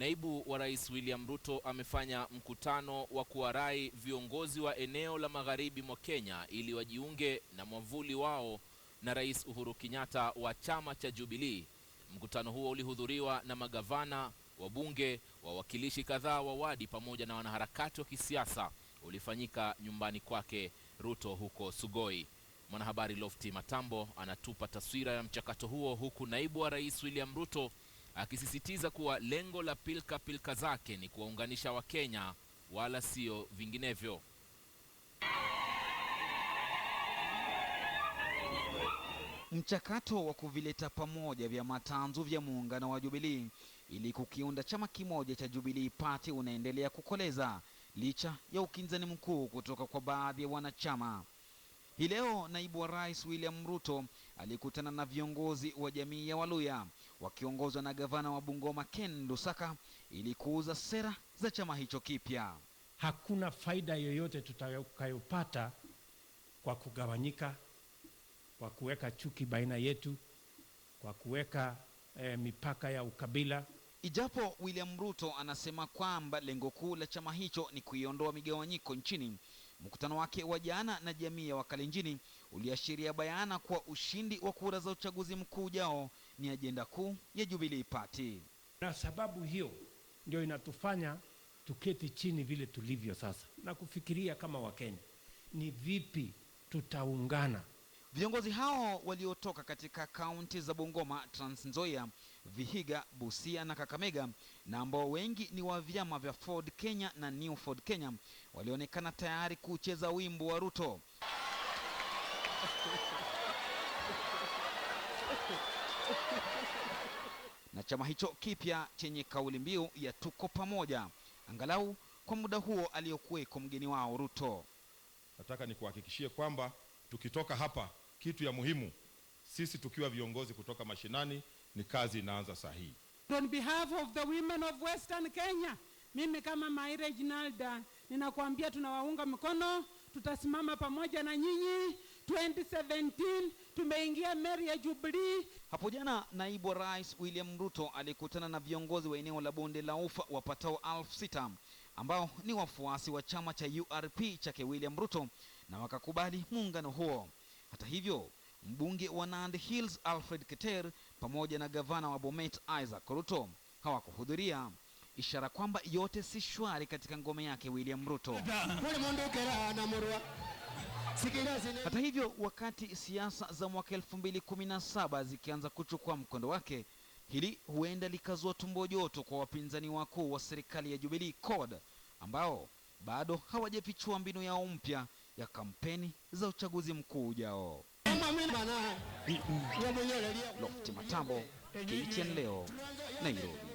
Naibu wa Rais William Ruto amefanya mkutano wa kuwarai viongozi wa eneo la magharibi mwa Kenya ili wajiunge na mwavuli wao na Rais Uhuru Kenyatta wa chama cha Jubilee. Mkutano huo ulihudhuriwa na magavana, wabunge, wawakilishi kadhaa wa wadi pamoja na wanaharakati wa kisiasa. Ulifanyika nyumbani kwake Ruto huko Sugoi. Mwanahabari Lofti Matambo anatupa taswira ya mchakato huo huku naibu wa Rais William Ruto akisisitiza kuwa lengo la pilka pilka zake ni kuwaunganisha Wakenya wala sio vinginevyo. Mchakato wa kuvileta pamoja vyama tanzu vya muungano wa jubilii ili kukiunda chama kimoja cha jubilii Party unaendelea kukoleza licha ya ukinzani mkuu kutoka kwa baadhi ya wanachama. Hii leo naibu wa rais William Ruto alikutana na viongozi wa jamii ya Waluya wakiongozwa na gavana wa Bungoma Ken Lusaka ili kuuza sera za chama hicho kipya. Hakuna faida yoyote tutakayopata kwa kugawanyika, kwa kuweka chuki baina yetu, kwa kuweka eh, mipaka ya ukabila. Ijapo William Ruto anasema kwamba lengo kuu la chama hicho ni kuiondoa migawanyiko nchini, mkutano wake wa jana na jamii ya Wakalenjini uliashiria bayana kwa ushindi wa kura za uchaguzi mkuu ujao ni ajenda kuu ya Jubilee Party, na sababu hiyo ndio inatufanya tuketi chini vile tulivyo sasa na kufikiria kama Wakenya ni vipi tutaungana. Viongozi hao waliotoka katika kaunti za Bungoma, Trans Nzoia, Vihiga, Busia na Kakamega na ambao wengi ni wa vyama vya Ford Kenya na New Ford Kenya walionekana tayari kucheza wimbo wa Ruto na chama hicho kipya chenye kauli mbiu ya tuko pamoja, angalau kwa muda huo aliyokuweko mgeni wao Ruto. Nataka nikuhakikishie kwamba tukitoka hapa, kitu ya muhimu sisi tukiwa viongozi kutoka mashinani ni kazi inaanza sahihi. On behalf of the women of Western Kenya, mimi kama Maire Jinalda ninakuambia tunawaunga mkono, tutasimama pamoja na nyinyi 2017 tumeingia meri ya Jubilee. Hapo jana naibu wa rais William Ruto alikutana na viongozi wa eneo la bonde la ufa wapatao elfu sita ambao ni wafuasi wa chama cha URP chake William Ruto na wakakubali muungano huo. Hata hivyo, mbunge wa Nandi Hills Alfred Keter pamoja na gavana wa Bomet Isaac Ruto hawakuhudhuria, ishara kwamba yote si shwari katika ngome yake William Ruto. Hata hivyo, wakati siasa za mwaka 2017 zikianza kuchukua mkondo wake, hili huenda likazua tumbo joto kwa wapinzani wakuu wa serikali ya Jubilee CORD ambao bado hawajafichua mbinu yao mpya ya kampeni za uchaguzi mkuu ujao. Lofti Matambo, KTN leo, Nairobi.